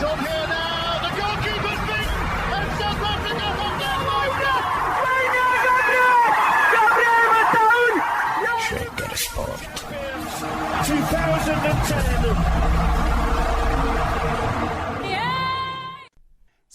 Don't here.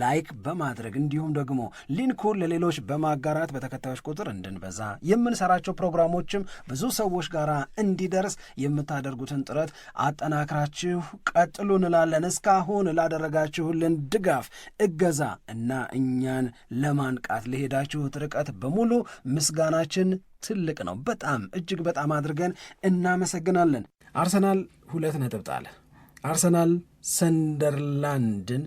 ላይክ በማድረግ እንዲሁም ደግሞ ሊንኩን ለሌሎች በማጋራት በተከታዮች ቁጥር እንድንበዛ የምንሰራቸው ፕሮግራሞችም ብዙ ሰዎች ጋር እንዲደርስ የምታደርጉትን ጥረት አጠናክራችሁ ቀጥሉ እንላለን። እስካሁን ላደረጋችሁልን ድጋፍ፣ እገዛ እና እኛን ለማንቃት ለሄዳችሁት ርቀት በሙሉ ምስጋናችን ትልቅ ነው። በጣም እጅግ በጣም አድርገን እናመሰግናለን። አርሰናል ሁለት ነጥብ ጣለ። አርሰናል ሰንደርላንድን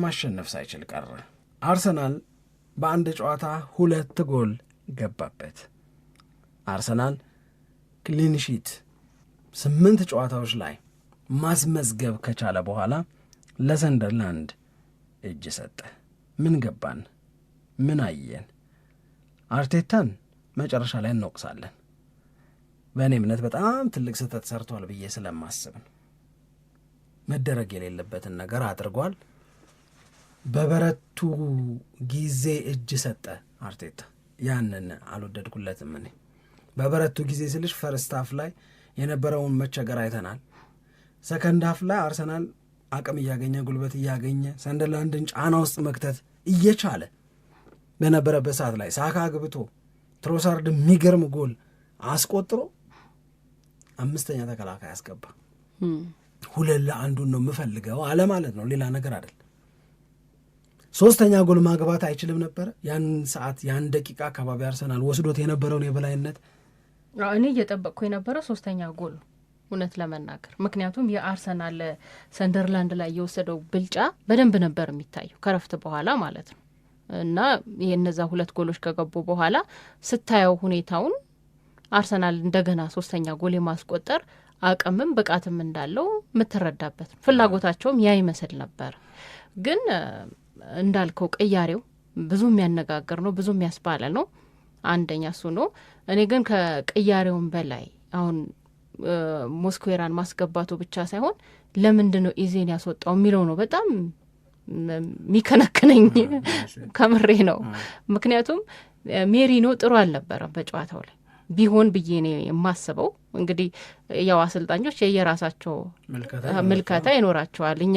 ማሸነፍ ሳይችል ቀረ። አርሰናል በአንድ ጨዋታ ሁለት ጎል ገባበት። አርሰናል ክሊንሺት ስምንት ጨዋታዎች ላይ ማስመዝገብ ከቻለ በኋላ ለሰንደርላንድ እጅ ሰጠ። ምን ገባን? ምን አየን? አርቴታን መጨረሻ ላይ እንወቅሳለን። በእኔ እምነት በጣም ትልቅ ስህተት ሰርቷል ብዬ ስለማስብ መደረግ የሌለበትን ነገር አድርጓል። በበረቱ ጊዜ እጅ ሰጠ አርቴታ። ያንን አልወደድኩለትም እኔ በበረቱ ጊዜ ስልሽ ፈርስት ሀፍ ላይ የነበረውን መቸገር አይተናል። ሰከንድ ሀፍ ላይ አርሰናል አቅም እያገኘ ጉልበት እያገኘ ሰንደርላንድን ጫና ውስጥ መክተት እየቻለ በነበረበት ሰዓት ላይ ሳካ ግብቶ ትሮሳርድ የሚገርም ጎል አስቆጥሮ አምስተኛ ተከላካይ አስገባ። ሁለት ለአንዱን ነው የምፈልገው አለ ማለት ነው፣ ሌላ ነገር አይደል ሶስተኛ ጎል ማግባት አይችልም ነበረ። ያን ሰዓት ያን ደቂቃ አካባቢ አርሰናል ወስዶት የነበረውን የበላይነት እኔ እየጠበቅኩ የነበረ ሶስተኛ ጎል እውነት ለመናገር ምክንያቱም የአርሰናል ሰንደርላንድ ላይ የወሰደው ብልጫ በደንብ ነበር የሚታየው ከረፍት በኋላ ማለት ነው። እና የነዛ ሁለት ጎሎች ከገቡ በኋላ ስታየው ሁኔታውን አርሰናል እንደገና ሶስተኛ ጎል የማስቆጠር አቅምም ብቃትም እንዳለው የምትረዳበት ነው። ፍላጎታቸውም ያ ይመስል ነበር ግን እንዳልከው ቅያሬው ብዙ የሚያነጋግር ነው፣ ብዙ የሚያስባለ ነው። አንደኛ እሱ ነው። እኔ ግን ከቅያሬውን በላይ አሁን ሞስኩዌራን ማስገባቱ ብቻ ሳይሆን ለምንድን ነው ኢዜን ያስወጣው የሚለው ነው በጣም የሚከነክነኝ ከምሬ ነው። ምክንያቱም ሜሪኖ ጥሩ አልነበረም በጨዋታው ላይ ቢሆን ብዬ ነው የማስበው። እንግዲህ ያው አሰልጣኞች የየራሳቸው ምልከታ ይኖራቸዋል። እኛ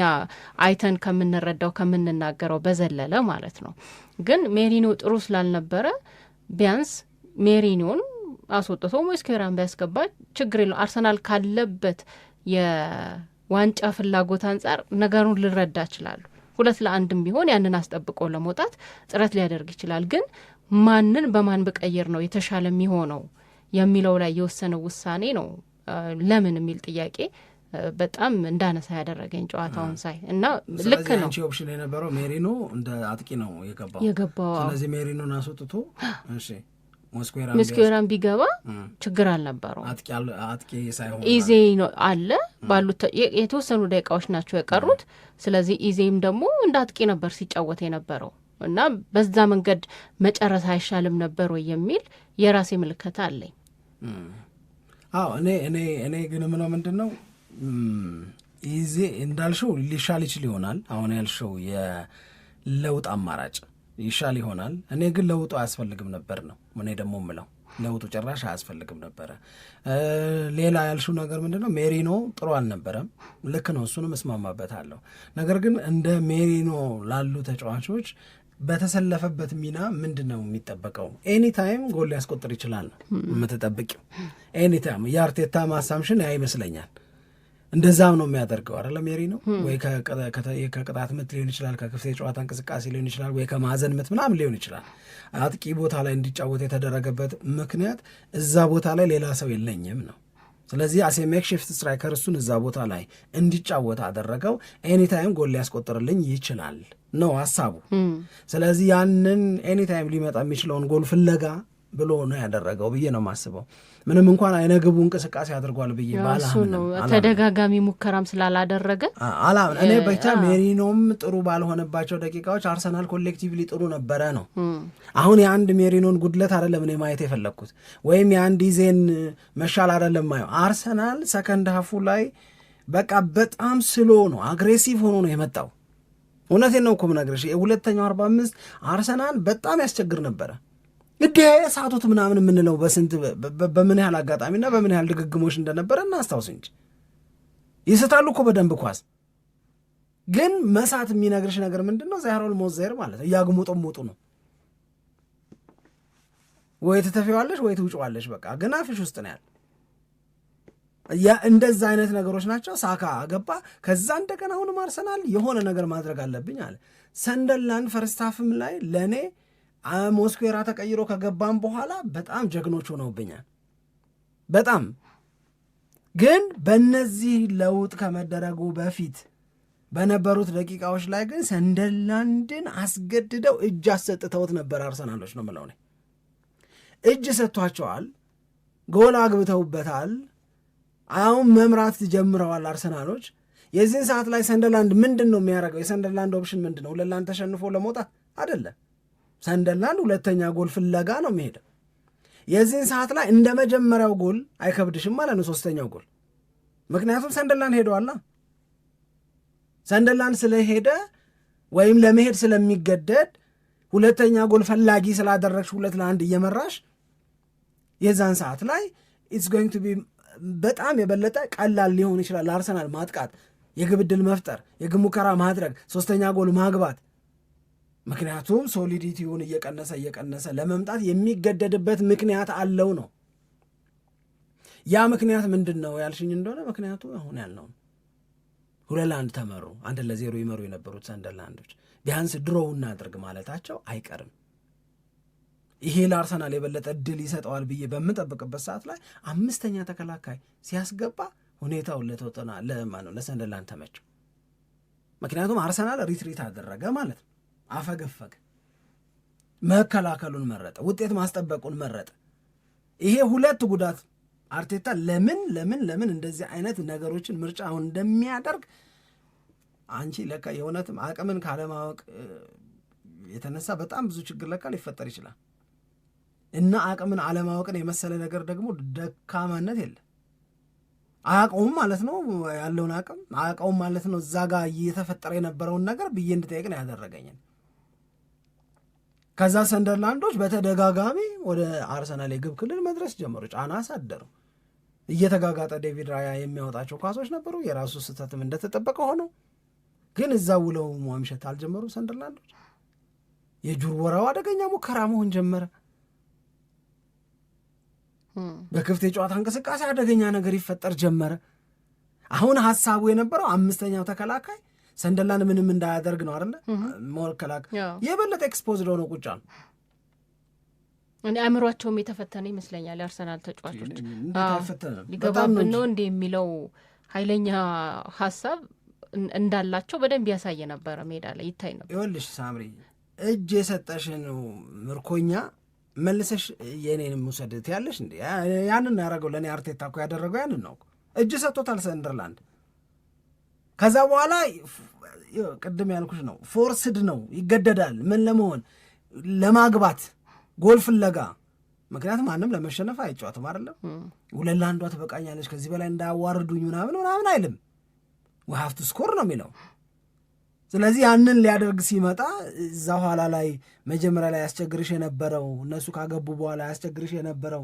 አይተን ከምንረዳው ከምንናገረው በዘለለ ማለት ነው። ግን ሜሪኒዮ ጥሩ ስላልነበረ ቢያንስ ሜሪኒዮን አስወጥቶ ሞስኬራን ቢያስገባ ችግር የለው። አርሰናል ካለበት የዋንጫ ፍላጎት አንጻር ነገሩን ልረዳ ይችላሉ። ሁለት ለአንድም ቢሆን ያንን አስጠብቆ ለመውጣት ጥረት ሊያደርግ ይችላል። ግን ማንን በማን ብቀይር ነው የተሻለ የሚሆነው የሚለው ላይ የወሰነው ውሳኔ ነው ለምን የሚል ጥያቄ በጣም እንዳነሳ ያደረገኝ ጨዋታውን ሳይ እና ልክ ነው ኦፕሽን የነበረው ሜሪኖ እንደ አጥቂ ነው የገባው የገባው ስለዚህ ሜሪኖን አስወጥቶ ምስኪራን ቢገባ ችግር አልነበረው። አጥቂ ሳይሆን ኢዜ አለ ባሉት የተወሰኑ ደቂቃዎች ናቸው የቀሩት። ስለዚህ ኢዜም ደግሞ እንደ አጥቂ ነበር ሲጫወት የነበረው እና በዛ መንገድ መጨረስ አይሻልም ነበር ወይ የሚል የራሴ ምልከታ አለኝ። አዎ እኔ እኔ እኔ ግን ምነው ምንድን ነው ይዜ እንዳልሽው ሊሻል ይችል ይሆናል። አሁን ያልሽው የለውጥ አማራጭ ይሻል ይሆናል። እኔ ግን ለውጡ አያስፈልግም ነበር ነው እኔ ደግሞ ምለው ለውጡ ጭራሽ አያስፈልግም ነበረ። ሌላ ያልሽው ነገር ምንድን ነው ሜሪኖ ጥሩ አልነበረም። ልክ ነው፣ እሱንም እስማማበታለሁ። ነገር ግን እንደ ሜሪኖ ላሉ ተጫዋቾች በተሰለፈበት ሚና ምንድን ነው የሚጠበቀው? ኤኒታይም ጎል ሊያስቆጥር ይችላል ነው የምትጠብቂው። ኤኒታይም የአርቴታ ማሳምሽን አይመስለኛል። እንደዛም ነው የሚያደርገው አለ ሜሪ ነው ወይ ከቅጣት ምት ሊሆን ይችላል፣ ከክፍት የጨዋታ እንቅስቃሴ ሊሆን ይችላል፣ ወይ ከማዕዘን ምት ምናምን ሊሆን ይችላል። አጥቂ ቦታ ላይ እንዲጫወት የተደረገበት ምክንያት እዛ ቦታ ላይ ሌላ ሰው የለኝም ነው ስለዚህ አሴ ሜክሽፍት ስትራይከር እሱን እዛ ቦታ ላይ እንዲጫወት አደረገው። ኤኒታይም ጎል ሊያስቆጥርልኝ ይችላል ነው ሀሳቡ። ስለዚህ ያንን ኤኒታይም ሊመጣ የሚችለውን ጎል ፍለጋ ብሎ ነው ያደረገው ብዬ ነው የማስበው። ምንም እንኳን አይነ ግቡ እንቅስቃሴ አድርጓል ብዬ ተደጋጋሚ ሙከራም ስላላደረገ አላ እኔ ብቻ ሜሪኖም ጥሩ ባልሆነባቸው ደቂቃዎች አርሰናል ኮሌክቲቭሊ ጥሩ ነበረ ነው። አሁን የአንድ ሜሪኖን ጉድለት አደለም እኔ ማየት የፈለግኩት ወይም የአንድ ይዜን መሻል አደለም ማየው። አርሰናል ሰከንድ ሀፉ ላይ በቃ በጣም ስሎ ነው፣ አግሬሲቭ ሆኖ ነው የመጣው። እውነቴን ነው እኮ የምነግርሽ። የሁለተኛው አርባ አምስት አርሰናል በጣም ያስቸግር ነበረ። እንደ እሳቱት ምናምን የምንለው በስንት በምን ያህል አጋጣሚና በምን ያህል ድግግሞች እንደነበረ እናስታውስ እንጂ ይስታሉ እኮ በደንብ ኳስ። ግን መሳት የሚነግርሽ ነገር ምንድን ነው? ዛሮል ሞዘር ማለት ነው እያግሙጥሙጡ ነው። ወይ ትተፊዋለሽ ወይ ትውጭዋለሽ። በቃ ግን አፍሽ ውስጥ ነው ያለ። እንደዛ አይነት ነገሮች ናቸው። ሳካ አገባ። ከዛ እንደገና አሁንም አርሰናል የሆነ ነገር ማድረግ አለብኝ አለ። ሰንደርላንድ ፈርስታፍም ላይ ለእኔ ሞስኩዌራ ተቀይሮ ከገባም በኋላ በጣም ጀግኖች ሆነውብኛል። በጣም ግን በእነዚህ ለውጥ ከመደረጉ በፊት በነበሩት ደቂቃዎች ላይ ግን ሰንደርላንድን አስገድደው እጅ አሰጥተውት ነበር። አርሰናሎች ነው ምለው እጅ ሰጥቷቸዋል፣ ጎል አግብተውበታል። አሁን መምራት ጀምረዋል አርሰናሎች። የዚህን ሰዓት ላይ ሰንደርላንድ ምንድን ነው የሚያደርገው? የሰንደርላንድ ኦፕሽን ምንድን ነው? ሁለት ለአንድ ተሸንፎ ለመውጣት አይደለም። ሰንደርላንድ ሁለተኛ ጎል ፍለጋ ነው የሚሄደው። የዚህን ሰዓት ላይ እንደ መጀመሪያው ጎል አይከብድሽም ማለት ነው ሶስተኛው ጎል። ምክንያቱም ሰንደርላንድ ሄደዋላ። ሰንደርላንድ ስለሄደ ወይም ለመሄድ ስለሚገደድ ሁለተኛ ጎል ፈላጊ ስላደረግሽ ሁለት ለአንድ እየመራሽ የዛን ሰዓት ላይ ኢትስ ጎይንግ ቱ ቢ በጣም የበለጠ ቀላል ሊሆን ይችላል ለአርሰናል ማጥቃት፣ የግብድል መፍጠር፣ የግብ ሙከራ ማድረግ፣ ሶስተኛ ጎል ማግባት ምክንያቱም ሶሊዲቲውን እየቀነሰ እየቀነሰ ለመምጣት የሚገደድበት ምክንያት አለው ነው። ያ ምክንያት ምንድን ነው ያልሽኝ እንደሆነ ምክንያቱ አሁን ያልነው ሁለት ለአንድ ተመሩ፣ አንድ ለዜሮ ይመሩ የነበሩት ሰንደርላንዶች ቢያንስ ድሮው እናድርግ ማለታቸው አይቀርም። ይሄ ለአርሰናል የበለጠ እድል ይሰጠዋል ብዬ በምጠብቅበት ሰዓት ላይ አምስተኛ ተከላካይ ሲያስገባ ሁኔታውን ለተወጠና ለማ ነው ለሰንደርላንድ ተመቸው። ምክንያቱም አርሰናል ሪትሪት አደረገ ማለት ነው። አፈገፈገ። መከላከሉን መረጠ፣ ውጤት ማስጠበቁን መረጠ። ይሄ ሁለት ጉዳት አርቴታ ለምን ለምን ለምን እንደዚህ አይነት ነገሮችን ምርጫ አሁን እንደሚያደርግ አንቺ ለካ የእውነትም አቅምን ካለማወቅ የተነሳ በጣም ብዙ ችግር ለካ ሊፈጠር ይችላል። እና አቅምን አለማወቅን የመሰለ ነገር ደግሞ ደካማነት የለም። አያውቀውም ማለት ነው ያለውን አቅም አያውቀውም ማለት ነው። እዛ ጋር እየተፈጠረ የነበረውን ነገር ብዬ እንድጠየቅ ነው ያደረገኝን ከዛ ሰንደርላንዶች በተደጋጋሚ ወደ አርሰናል የግብ ክልል መድረስ ጀመሩ። ጫና አሳደሩ። እየተጋጋጠ ዴቪድ ራያ የሚያወጣቸው ኳሶች ነበሩ። የራሱ ስህተትም እንደተጠበቀ ሆነው ግን እዛ ውለው ማምሸት አልጀመሩ ሰንደርላንዶች። የጁር ወራው አደገኛ ሙከራ መሆን ጀመረ። በክፍት የጨዋታ እንቅስቃሴ አደገኛ ነገር ይፈጠር ጀመረ። አሁን ሀሳቡ የነበረው አምስተኛው ተከላካይ ሰንደላን ምንም እንዳያደርግ ነው አለ መከላከል የበለጠ ኤክስፖዝ ለሆነ ቁጫ ነው እኔ አእምሯቸውም የተፈተነ ይመስለኛል። የአርሰናል ተጫዋቾች ሊገባብን ነው እንደ የሚለው ኃይለኛ ሀሳብ እንዳላቸው በደንብ ያሳየ ነበረ፣ ሜዳ ላይ ይታይ ነበር። ይኸውልሽ ሳምሪ እጅ የሰጠሽን ምርኮኛ መልሰሽ የእኔን ውሰድት ያለሽ እንዲ ያንን ያደረገው ለእኔ አርቴታ እኮ ያደረገው ያንን ነው። እጅ ሰጥቶታል ሰንደርላንድ ከዛ በኋላ ቅድም ያልኩሽ ነው፣ ፎርስድ ነው ይገደዳል። ምን ለመሆን ለማግባት ጎል ፍለጋ። ምክንያቱም ማንም ለመሸነፍ አይጫወትም አይደለም። ሁለት ለአንዷ ትበቃኛለች፣ ከዚህ በላይ እንዳያዋርዱኝ ምናምን ምናምን አይልም። ውሀፍቱ ስኮር ነው የሚለው። ስለዚህ ያንን ሊያደርግ ሲመጣ እዛ ኋላ ላይ መጀመሪያ ላይ ያስቸግርሽ የነበረው እነሱ ካገቡ በኋላ ያስቸግርሽ የነበረው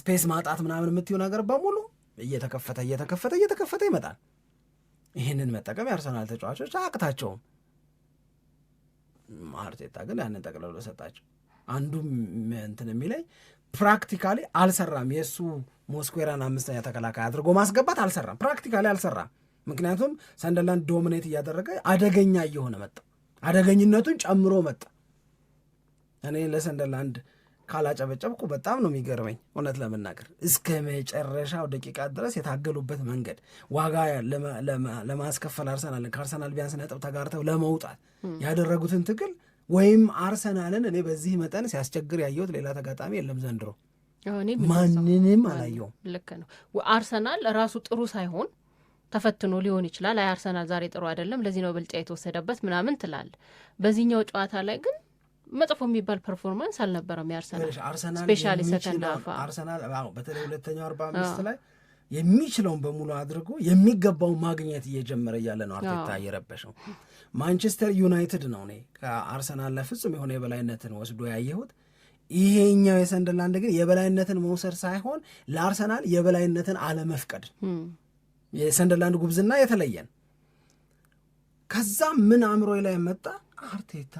ስፔስ ማጣት ምናምን የምትዩ ነገር በሙሉ እየተከፈተ እየተከፈተ እየተከፈተ ይመጣል። ይህንን መጠቀም የአርሰናል ተጫዋቾች አቅታቸውም። አርቴታ ግን ያንን ጠቅለሎ ሰጣቸው። አንዱ እንትን የሚለኝ ፕራክቲካሊ አልሰራም። የእሱ ሞስኩዌራን አምስተኛ ተከላካይ አድርጎ ማስገባት አልሰራም፣ ፕራክቲካሊ አልሰራም። ምክንያቱም ሰንደርላንድ ዶሚኔት እያደረገ አደገኛ እየሆነ መጣ፣ አደገኝነቱን ጨምሮ መጣ። እኔ ለሰንደርላንድ ካላጨበጨብኩ በጣም ነው የሚገርመኝ። እውነት ለመናገር እስከ መጨረሻው ደቂቃ ድረስ የታገሉበት መንገድ ዋጋ ለማስከፈል አርሰናልን ከአርሰናል ቢያንስ ነጥብ ተጋርተው ለመውጣት ያደረጉትን ትግል ወይም አርሰናልን እኔ በዚህ መጠን ሲያስቸግር ያየሁት ሌላ ተጋጣሚ የለም ዘንድሮ ማንንም አላየውም። ልክ ነው። አርሰናል ራሱ ጥሩ ሳይሆን ተፈትኖ ሊሆን ይችላል። አይ አርሰናል ዛሬ ጥሩ አይደለም፣ ለዚህ ነው ብልጫ የተወሰደበት ምናምን ትላል። በዚህኛው ጨዋታ ላይ ግን መጥፎ የሚባል ፐርፎርማንስ አልነበረም የአርሰናል አርሰናል በተለይ ሁለተኛው አርባ አምስት ላይ የሚችለውን በሙሉ አድርጎ የሚገባውን ማግኘት እየጀመረ እያለ ነው አርቴታ እየረበሸው። ማንቸስተር ዩናይትድ ነው እኔ ከአርሰናል ለፍጹም የሆነ የበላይነትን ወስዶ ያየሁት። ይሄኛው የሰንደርላንድ ግን የበላይነትን መውሰድ ሳይሆን ለአርሰናል የበላይነትን አለመፍቀድ፣ የሰንደርላንድ ጉብዝና የተለየን። ከዛ ምን አእምሮ ላይ መጣ አርቴታ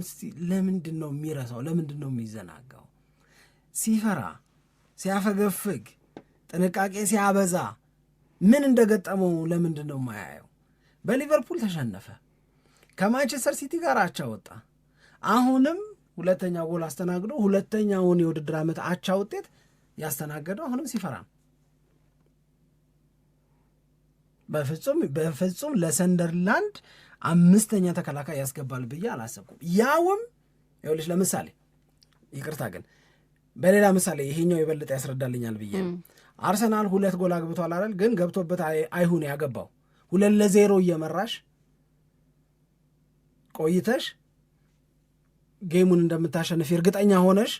እስቲ ለምንድን ነው የሚረሳው? ለምንድን ነው የሚዘናጋው? ሲፈራ፣ ሲያፈገፍግ፣ ጥንቃቄ ሲያበዛ ምን እንደገጠመው ለምንድን ነው የማያየው? በሊቨርፑል ተሸነፈ፣ ከማንቸስተር ሲቲ ጋር አቻ ወጣ። አሁንም ሁለተኛ ጎል አስተናግዶ ሁለተኛውን የውድድር ዓመት አቻ ውጤት ያስተናገደው አሁንም ሲፈራ ነው። በፍጹም በፍጹም ለሰንደርላንድ አምስተኛ ተከላካይ ያስገባል ብዬ አላሰብኩም። ያውም ይኸውልሽ ለምሳሌ ይቅርታ ግን በሌላ ምሳሌ ይሄኛው የበለጠ ያስረዳልኛል ብዬ ነው። አርሰናል ሁለት ጎል አግብቷል አይደል? ግን ገብቶበት አይሁን ያገባው ሁለት ለዜሮ እየመራሽ ቆይተሽ ጌሙን እንደምታሸንፊ እርግጠኛ ሆነሽ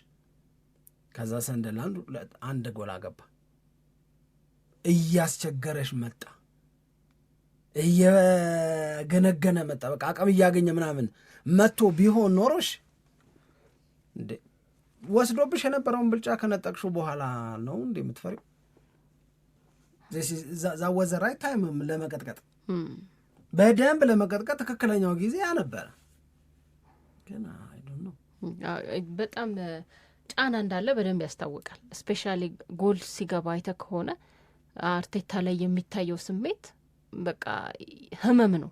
ከዛ ሰንደርላንድ አንድ ጎል አገባ፣ እያስቸገረሽ መጣ። እየገነገነ መጣ፣ በቃ አቅም እያገኘ ምናምን መቶ ቢሆን ኖሮሽ ወስዶብሽ የነበረውን ብልጫ ከነጠቅሹ በኋላ ነው እንዴ የምትፈሪው ዛወዘ ራይት ታይምም ለመቀጥቀጥ hmm. በደንብ ለመቀጥቀጥ ትክክለኛው ጊዜ አነበረ። hmm. በጣም ጫና እንዳለ በደንብ ያስታውቃል። ስፔሻሊ ጎል ሲገባ አይተ ከሆነ አርቴታ ላይ የሚታየው ስሜት በቃ ህመም ነው።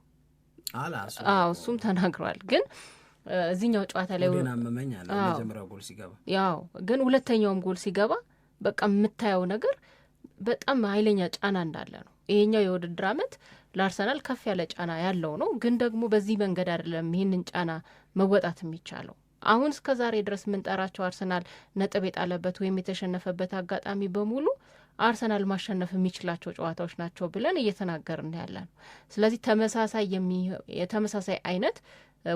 አዎ እሱም ተናግሯል። ግን እዚህኛው ጨዋታ ላይ ጎል ሲገባ ያው ግን ሁለተኛውም ጎል ሲገባ በቃ የምታየው ነገር በጣም ኃይለኛ ጫና እንዳለ ነው። ይሄኛው የውድድር አመት ለአርሰናል ከፍ ያለ ጫና ያለው ነው። ግን ደግሞ በዚህ መንገድ አይደለም ይህንን ጫና መወጣት የሚቻለው። አሁን እስከ ዛሬ ድረስ የምንጠራቸው አርሰናል ነጥብ የጣለበት ወይም የተሸነፈበት አጋጣሚ በሙሉ አርሰናል ማሸነፍ የሚችላቸው ጨዋታዎች ናቸው ብለን እየተናገርን ያለ ነው። ስለዚህ ተመሳሳይ የተመሳሳይ አይነት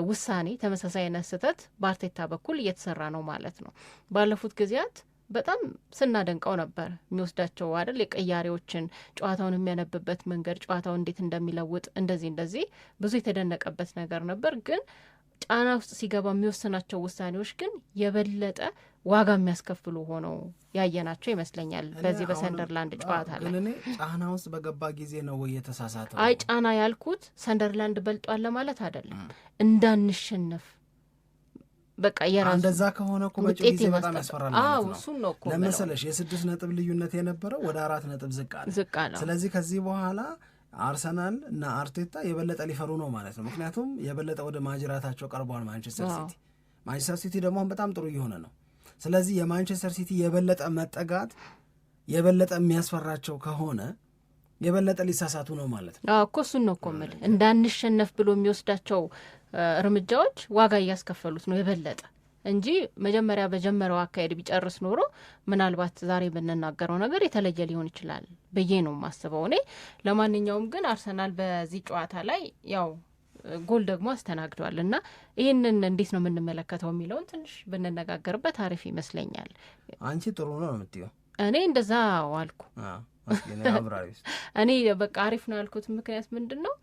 ውሳኔ ተመሳሳይ አይነት ስህተት በአርቴታ በኩል እየተሰራ ነው ማለት ነው። ባለፉት ጊዜያት በጣም ስናደንቀው ነበር የሚወስዳቸው አይደል የቀያሪዎችን ጨዋታውን የሚያነብበት መንገድ ጨዋታውን እንዴት እንደሚለውጥ እንደዚህ እንደዚህ ብዙ የተደነቀበት ነገር ነበር ግን ጫና ውስጥ ሲገባ የሚወስናቸው ውሳኔዎች ግን የበለጠ ዋጋ የሚያስከፍሉ ሆነው ያየናቸው ይመስለኛል። በዚህ በሰንደርላንድ ጨዋታ ላይ እኔ ጫና ውስጥ በገባ ጊዜ ነው ወይ የተሳሳተው? አይ ጫና ያልኩት ሰንደርላንድ በልጧል ለማለት አይደለም፣ እንዳንሸነፍ በቃ የራሱ እንደዛ ከሆነ እኮ መጪው ጊዜ በጣም ያስፈራል ነው። እሱን ነው እኮ ለመሰለሽ የስድስት ነጥብ ልዩነት የነበረው ወደ አራት ነጥብ ዝቅ አለ። ስለዚህ ከዚህ በኋላ አርሰናል እና አርቴታ የበለጠ ሊፈሩ ነው ማለት ነው። ምክንያቱም የበለጠ ወደ ማጅራታቸው ቀርቧል ማንቸስተር ሲቲ። ማንቸስተር ሲቲ ደግሞ በጣም ጥሩ እየሆነ ነው። ስለዚህ የማንቸስተር ሲቲ የበለጠ መጠጋት የበለጠ የሚያስፈራቸው ከሆነ የበለጠ ሊሳሳቱ ነው ማለት ነው እኮ። እሱን ነው እኮ የምልህ እንዳንሸነፍ ብሎ የሚወስዳቸው እርምጃዎች ዋጋ እያስከፈሉት ነው የበለጠ እንጂ መጀመሪያ በጀመረው አካሄድ ቢጨርስ ኖሮ ምናልባት ዛሬ የምንናገረው ነገር የተለየ ሊሆን ይችላል ብዬ ነው የማስበው እኔ። ለማንኛውም ግን አርሰናል በዚህ ጨዋታ ላይ ያው ጎል ደግሞ አስተናግዷል እና ይህንን እንዴት ነው የምንመለከተው የሚለውን ትንሽ ብንነጋገርበት አሪፍ ይመስለኛል። አንቺ ጥሩ ነው የምትይው፣ እኔ እንደዛ ዋልኩ። እኔ በቃ አሪፍ ነው ያልኩት ምክንያት ምንድን ነው፣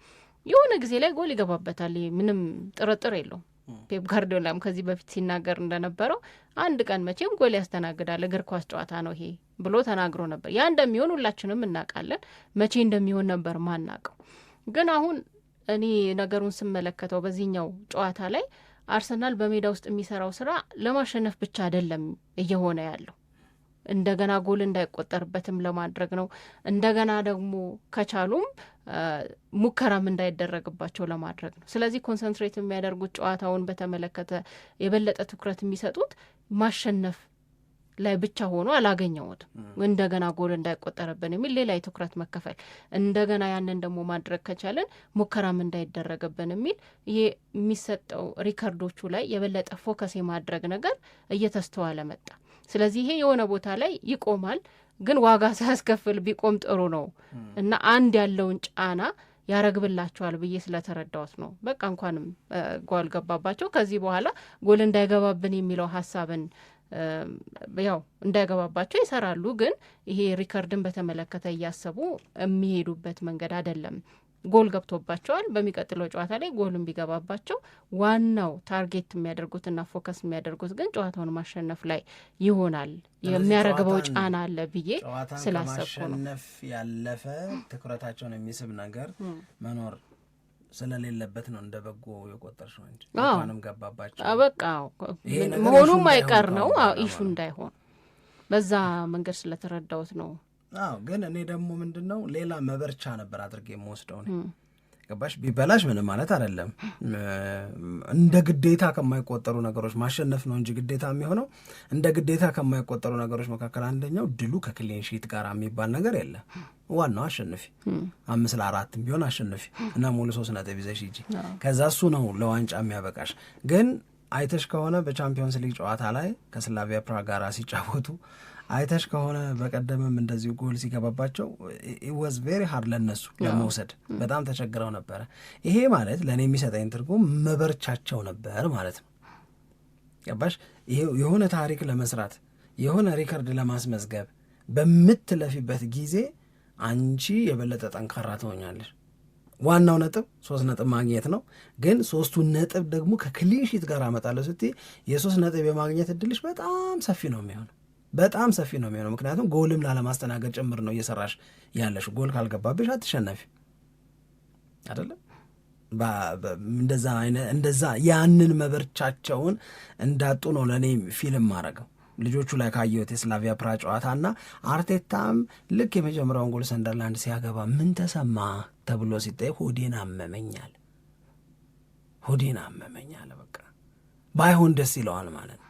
የሆነ ጊዜ ላይ ጎል ይገባበታል፣ ምንም ጥርጥር የለውም። ፔፕ ጋርዲዮላም ከዚህ በፊት ሲናገር እንደነበረው አንድ ቀን መቼም ጎል ያስተናግዳል፣ እግር ኳስ ጨዋታ ነው ይሄ ብሎ ተናግሮ ነበር። ያ እንደሚሆን ሁላችንም እናውቃለን። መቼ እንደሚሆን ነበር ማናውቀው። ግን አሁን እኔ ነገሩን ስመለከተው በዚህኛው ጨዋታ ላይ አርሰናል በሜዳ ውስጥ የሚሰራው ስራ ለማሸነፍ ብቻ አይደለም እየሆነ ያለው እንደገና ጎል እንዳይቆጠርበትም ለማድረግ ነው። እንደገና ደግሞ ከቻሉም ሙከራም እንዳይደረግባቸው ለማድረግ ነው። ስለዚህ ኮንሰንትሬት የሚያደርጉት ጨዋታውን በተመለከተ የበለጠ ትኩረት የሚሰጡት ማሸነፍ ላይ ብቻ ሆኖ አላገኘሁትም። እንደገና ጎል እንዳይቆጠረብን የሚል ሌላ የትኩረት መከፈል እንደገና ያንን ደግሞ ማድረግ ከቻለን ሙከራም እንዳይደረግብን የሚል ይሄ የሚሰጠው ሪከርዶቹ ላይ የበለጠ ፎከስ የማድረግ ነገር እየተስተዋለ መጣ። ስለዚህ ይሄ የሆነ ቦታ ላይ ይቆማል። ግን ዋጋ ሳያስከፍል ቢቆም ጥሩ ነው እና አንድ ያለውን ጫና ያረግብላቸዋል ብዬ ስለተረዳሁት ነው። በቃ እንኳንም ጎል ገባባቸው። ከዚህ በኋላ ጎል እንዳይገባብን የሚለው ሀሳብን ያው እንዳይገባባቸው ይሰራሉ። ግን ይሄ ሪከርድን በተመለከተ እያሰቡ የሚሄዱበት መንገድ አይደለም። ጎል ገብቶባቸዋል። በሚቀጥለው ጨዋታ ላይ ጎልም ቢገባባቸው ዋናው ታርጌት የሚያደርጉትና ፎከስ የሚያደርጉት ግን ጨዋታውን ማሸነፍ ላይ ይሆናል። የሚያረግበው ጫና አለ ብዬ ስላሰብኩ ያለፈ ትኩረታቸውን የሚስብ ነገር መኖር ስለሌለበት ነው። እንደ በጎ የቆጠርሽው እንጂ ንም ገባባቸው በቃ መሆኑም አይቀር ነው። ኢሹ እንዳይሆን በዛ መንገድ ስለተረዳውት ነው። አዎ ግን እኔ ደግሞ ምንድን ነው ሌላ መበርቻ ነበር አድርጌ የምወስደው ነው። ገባሽ? ቢበላሽ ምንም ማለት አይደለም። እንደ ግዴታ ከማይቆጠሩ ነገሮች ማሸነፍ ነው እንጂ ግዴታ የሚሆነው እንደ ግዴታ ከማይቆጠሩ ነገሮች መካከል አንደኛው ድሉ ከክሊንሺት ጋር የሚባል ነገር የለም። ዋናው አሸንፊ፣ አምስት ለአራትም ቢሆን አሸንፊ እና ሙሉ ሶስት ነጥብ ይዘሽ ሂጂ። ከዛ እሱ ነው ለዋንጫ የሚያበቃሽ ግን አይተሽ ከሆነ በቻምፒዮንስ ሊግ ጨዋታ ላይ ከስላቪያ ፕራግ ጋር ሲጫወቱ አይተሽ ከሆነ በቀደምም እንደዚሁ ጎል ሲገባባቸው ወዝ ቬሪ ሀርድ ለነሱ ለመውሰድ በጣም ተቸግረው ነበረ። ይሄ ማለት ለእኔ የሚሰጠኝ ትርጉም መበርቻቸው ነበር ማለት ነው። ገባሽ? የሆነ ታሪክ ለመስራት የሆነ ሪከርድ ለማስመዝገብ በምትለፊበት ጊዜ አንቺ የበለጠ ጠንካራ ትሆኛለሽ። ዋናው ነጥብ ሶስት ነጥብ ማግኘት ነው። ግን ሶስቱ ነጥብ ደግሞ ከክሊንሺት ጋር አመጣለሁ ስትይ የሶስት ነጥብ የማግኘት እድልሽ በጣም ሰፊ ነው የሚሆነው በጣም ሰፊ ነው የሚሆነው። ምክንያቱም ጎልም ላለማስተናገድ ጭምር ነው እየሰራሽ ያለሽ። ጎል ካልገባብሽ አትሸነፊ አይደለም። እንደዛ እንደዛ ያንን መበርቻቸውን እንዳጡ ነው ለእኔ ፊልም ማድረገው ልጆቹ ላይ ካየሁት የስላቪያ ፕራ ጨዋታና አርቴታም ልክ የመጀመሪያውን ጎል ሰንደርላንድ ሲያገባ ምን ተሰማ ተብሎ ሲጠየቅ ሆዴን አመመኛል፣ ሆዴን አመመኛል በቃ ባይሆን ደስ ይለዋል ማለት ነው።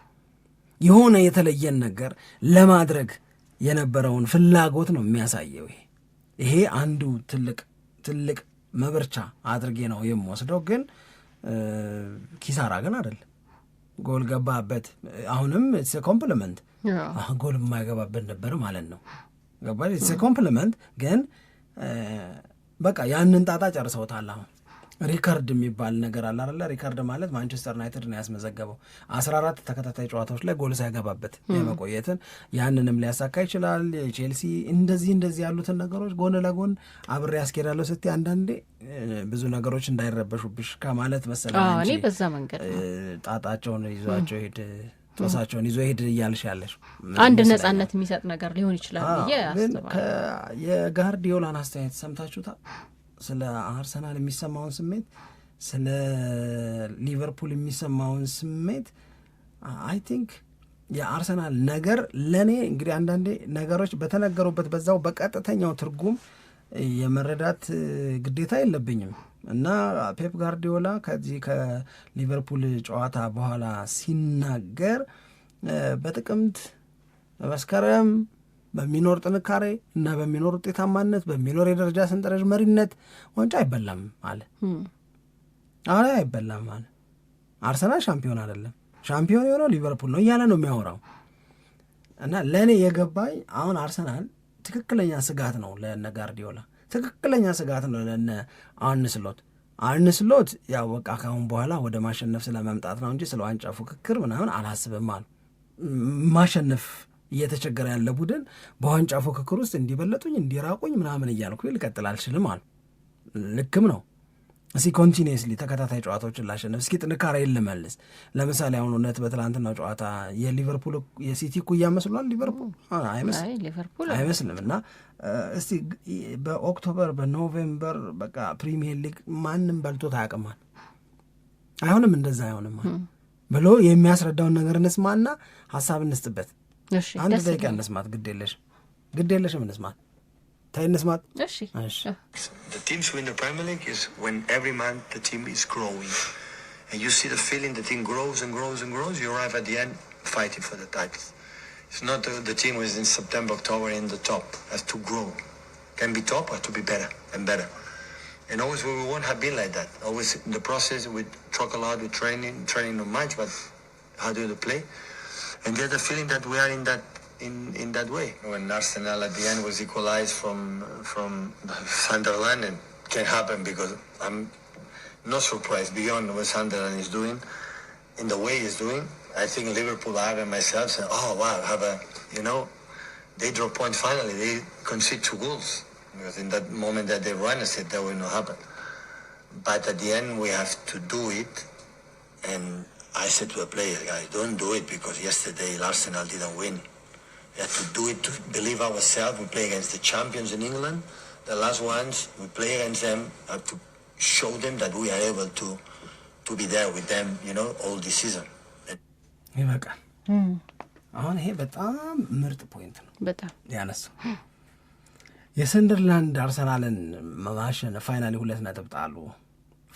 የሆነ የተለየን ነገር ለማድረግ የነበረውን ፍላጎት ነው የሚያሳየው። ይሄ ይሄ አንዱ ትልቅ ትልቅ መበርቻ አድርጌ ነው የምወስደው። ግን ኪሳራ ግን አይደለም። ጎል ገባበት። አሁንም ኢትስ ኮምፕሊመንት። ጎል የማይገባበት ነበር ማለት ነው። ኢትስ ኮምፕሊመንት። ግን በቃ ያንን ጣጣ ጨርሰውታል አሁን ሪከርድ የሚባል ነገር አለ አይደለ? ሪከርድ ማለት ማንቸስተር ዩናይትድ ነው ያስመዘገበው አስራ አራት ተከታታይ ጨዋታዎች ላይ ጎል ሳይገባበት የመቆየትን ያንንም ሊያሳካ ይችላል። ቼልሲ እንደዚህ እንደዚህ ያሉትን ነገሮች ጎን ለጎን አብሬ ያስኬዳለሁ ስትይ አንዳንዴ ብዙ ነገሮች እንዳይረበሹብሽ ከማለት መሰለኝ በዛ መንገድ ጣጣቸውን ይዟቸው ሄድ ጦሳቸውን ይዞ ሄድ እያልሽ ያለሽ አንድ ነጻነት የሚሰጥ ነገር ሊሆን ይችላል ብዬ የጋርዲዮላን አስተያየት ሰምታችሁታል። ስለ አርሰናል የሚሰማውን ስሜት፣ ስለ ሊቨርፑል የሚሰማውን ስሜት አይ ቲንክ የአርሰናል ነገር ለእኔ እንግዲህ አንዳንዴ ነገሮች በተነገሩበት በዛው በቀጥተኛው ትርጉም የመረዳት ግዴታ የለብኝም እና ፔፕ ጋርዲዮላ ከዚህ ከሊቨርፑል ጨዋታ በኋላ ሲናገር በጥቅምት በመስከረም በሚኖር ጥንካሬ እና በሚኖር ውጤታማነት በሚኖር የደረጃ ሰንጠረዥ መሪነት ዋንጫ አይበላም አለ። አረ አይበላም አለ። አርሰናል ሻምፒዮን አይደለም፣ ሻምፒዮን የሆነው ሊቨርፑል ነው እያለ ነው የሚያወራው። እና ለእኔ የገባኝ አሁን አርሰናል ትክክለኛ ስጋት ነው ለነ ጋርዲዮላ፣ ትክክለኛ ስጋት ነው ለነ አርነ ስሎት። አርነ ስሎት ያው በቃ ካሁን በኋላ ወደ ማሸነፍ ስለመምጣት ነው እንጂ ስለ ዋንጫ ፉክክር ምናምን አላስብም አሉ ማሸነፍ እየተቸገረ ያለ ቡድን በዋንጫ ፉክክር ውስጥ እንዲበለጡኝ እንዲራቁኝ ምናምን እያልኩ ልቀጥል አልችልም አሉ። ልክም ነው። እስኪ ኮንቲኒየስሊ ተከታታይ ጨዋታዎችን ላሸነፍ፣ እስኪ ጥንካሬ ልመልስ። ለምሳሌ አሁን እውነት በትላንትናው ጨዋታ የሊቨርፑል የሲቲ ኩያ መስሏል። ሊቨርፑል አይመስልም። እና እስቲ በኦክቶበር በኖቬምበር በቃ ፕሪሚየር ሊግ ማንም በልቶት አያውቅማል። አይሆንም፣ እንደዛ አይሆንም ብሎ የሚያስረዳውን ነገር እንስማና ሀሳብ እንስጥበት። አንድ ደቂቃ እንስማት። ግድ የለሽም ግድ የለሽም እንስማት። ታይ እንስማት። እሺ እሺ ቲምስ ዊን ፕሪሚየር ሊግ ኢዝ ዌን ኤቭሪ ማን ቲም ኢዝ ግሮዊንግ and you see the feeling the team grows and grows and grows you arrive at the end fighting for the title it's not the, team who is in september october in the top has to grow can be top has to be better and better and always we won't have been like that always in the process we talk a lot with training training not much but how do you play and get the feeling that we are in that in, in that way. When Arsenal at the end was equalized from from Sunderland, it can happen because I'm not surprised beyond what Sunderland is doing, in the way he's doing. I think Liverpool, I and myself said, oh wow, have a you know, they draw point finally. They concede two goals because in that moment that they run, I said that will not happen. But at the end, we have to do it and I said to the players, guys, don't do it because yesterday Arsenal didn't win. We have to do it to believe ourselves. We play against the champions in England, the last ones. We play against them have to show them that we are able to to be there with them, you know, all this season. ይበቃል። አሁን ይሄ በጣም ምርጥ ፖይንት ነው። በጣም ያነሱ የሰንደርላንድ አርሰናልን ማሸነፍ ፋይናሊ ሁለት ነጥብ ጣሉ።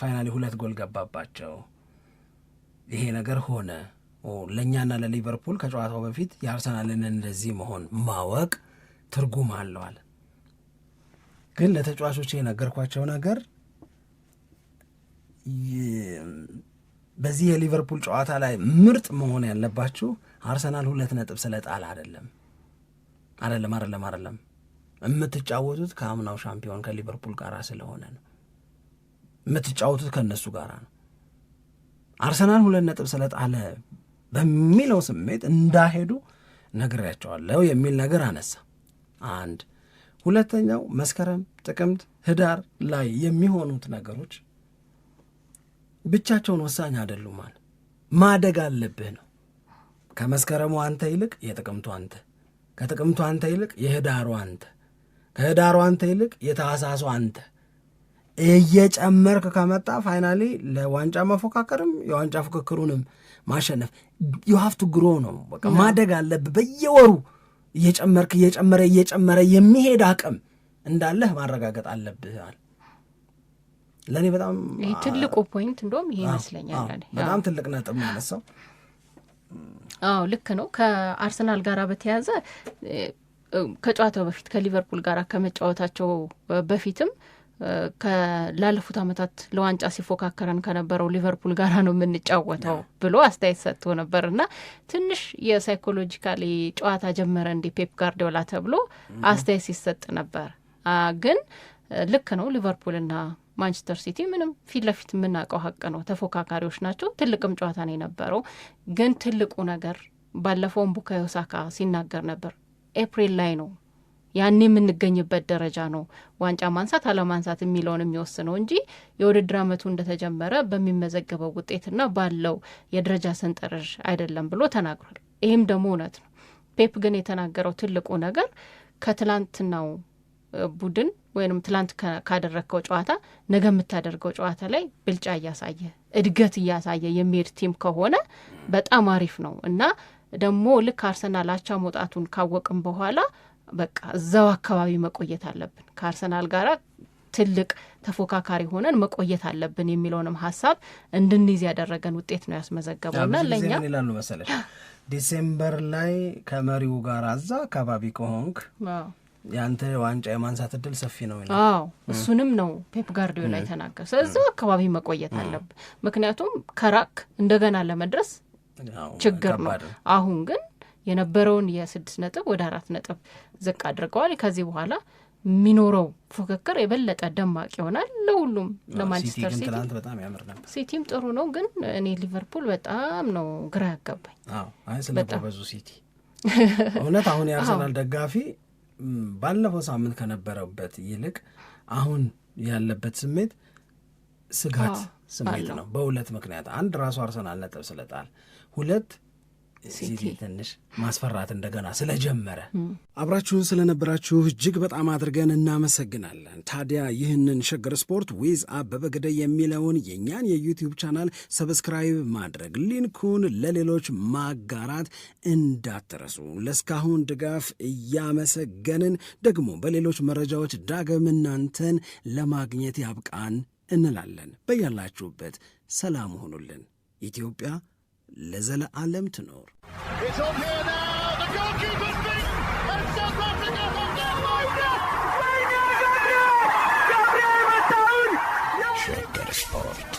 ፋይናሊ ሁለት ጎል ገባባቸው። ይሄ ነገር ሆነ ለእኛና ለሊቨርፑል ከጨዋታው በፊት የአርሰናልን እንደዚህ መሆን ማወቅ ትርጉም አለው አለ። ግን ለተጫዋቾች የነገርኳቸው ነገር በዚህ የሊቨርፑል ጨዋታ ላይ ምርጥ መሆን ያለባችሁ አርሰናል ሁለት ነጥብ ስለጣል አይደለም አይደለም አይደለም አይደለም የምትጫወቱት ከአምናው ሻምፒዮን ከሊቨርፑል ጋር ስለሆነ ነው። የምትጫወቱት ከእነሱ ጋር ነው። አርሰናል ሁለት ነጥብ ስለጣለ በሚለው ስሜት እንዳሄዱ ነግሬያቸዋለሁ የሚል ነገር አነሳ። አንድ ሁለተኛው መስከረም፣ ጥቅምት፣ ህዳር ላይ የሚሆኑት ነገሮች ብቻቸውን ወሳኝ አይደሉም። ማለት ማደግ አለብህ ነው። ከመስከረሙ አንተ ይልቅ የጥቅምቱ አንተ፣ ከጥቅምቱ አንተ ይልቅ የህዳሩ አንተ፣ ከህዳሩ አንተ ይልቅ የታህሳሱ አንተ እየጨመርክ ከመጣ ፋይናሊ ለዋንጫ መፎካከርም የዋንጫ ፉክክሩንም ማሸነፍ ዩሀፍቱ ግሮ ነው። በቃ ማደግ አለብህ። በየወሩ እየጨመርክ እየጨመረ እየጨመረ የሚሄድ አቅም እንዳለህ ማረጋገጥ አለብህ። ለእኔ በጣም ትልቁ ፖይንት እንደውም ይሄ ይመስለኛል። በጣም ትልቅ ነጥብ ማነሳው። አዎ ልክ ነው። ከአርሰናል ጋር በተያያዘ ከጨዋታው በፊት ከሊቨርፑል ጋር ከመጫወታቸው በፊትም ላለፉት ዓመታት ለዋንጫ ሲፎካከረን ከነበረው ሊቨርፑል ጋር ነው የምንጫወተው ብሎ አስተያየት ሰጥቶ ነበር እና ትንሽ የሳይኮሎጂካሊ ጨዋታ ጀመረ እንዲህ ፔፕ ጋርዲዮላ ተብሎ አስተያየት ሲሰጥ ነበር። ግን ልክ ነው ሊቨርፑልና ማንቸስተር ሲቲ ምንም ፊት ለፊት የምናውቀው ሀቅ ነው፣ ተፎካካሪዎች ናቸው። ትልቅም ጨዋታ ነው የነበረው። ግን ትልቁ ነገር ባለፈውን ቡካዮ ሳካ ሲናገር ነበር ኤፕሪል ላይ ነው ያን የምንገኝበት ደረጃ ነው ዋንጫ ማንሳት አለማንሳት የሚለውን የሚወስነው እንጂ የውድድር ዓመቱ እንደተጀመረ በሚመዘገበው ውጤትና ባለው የደረጃ ሰንጠረዥ አይደለም ብሎ ተናግሯል። ይህም ደግሞ እውነት ነው። ፔፕ ግን የተናገረው ትልቁ ነገር ከትላንትናው ቡድን ወይም ትላንት ካደረግከው ጨዋታ ነገ የምታደርገው ጨዋታ ላይ ብልጫ እያሳየ እድገት እያሳየ የሚሄድ ቲም ከሆነ በጣም አሪፍ ነው እና ደግሞ ልክ አርሰናል አቻ መውጣቱን ካወቅም በኋላ በቃ እዛው አካባቢ መቆየት አለብን ከአርሰናል ጋር ትልቅ ተፎካካሪ ሆነን መቆየት አለብን የሚለውንም ሀሳብ እንድንይዝ ያደረገን ውጤት ነው ያስመዘገበው ለእኛ ይላሉ መሰለሽ ዲሴምበር ላይ ከመሪው ጋር እዛ አካባቢ ከሆንክ የአንተ ዋንጫ የማንሳት እድል ሰፊ ነው። አዎ እሱንም ነው ፔፕ ጋርዲዮላ የተናገር። ስለዚው አካባቢ መቆየት አለብን፣ ምክንያቱም ከራክ እንደገና ለመድረስ ችግር ነው። አሁን ግን የነበረውን የስድስት ነጥብ ወደ አራት ነጥብ ዝቅ አድርገዋል። ከዚህ በኋላ የሚኖረው ፉክክር የበለጠ ደማቅ ይሆናል ለሁሉም ለማንቸስተር ሲቲ ሲቲም ጥሩ ነው፣ ግን እኔ ሊቨርፑል በጣም ነው ግራ ያጋባኝ ስለበዙ ሲቲ እውነት አሁን የአርሰናል ደጋፊ ባለፈው ሳምንት ከነበረበት ይልቅ አሁን ያለበት ስሜት ስጋት ስሜት ነው። በሁለት ምክንያት አንድ ራሱ አርሰናል ነጥብ ስለጣል፣ ሁለት ሲቲ ትንሽ ማስፈራት እንደገና ስለጀመረ አብራችሁን ስለነበራችሁ እጅግ በጣም አድርገን እናመሰግናለን። ታዲያ ይህንን ሸገር ስፖርት ዊዝ አበበ ግደይ የሚለውን የእኛን የዩቲዩብ ቻናል ሰብስክራይብ ማድረግ፣ ሊንኩን ለሌሎች ማጋራት እንዳትረሱ። ለእስካሁን ድጋፍ እያመሰገንን ደግሞ በሌሎች መረጃዎች ዳግም እናንተን ለማግኘት ያብቃን እንላለን። በያላችሁበት ሰላም ሆኑልን። ኢትዮጵያ ለዘለዓለም ትኖር። ሸገር ስፖርት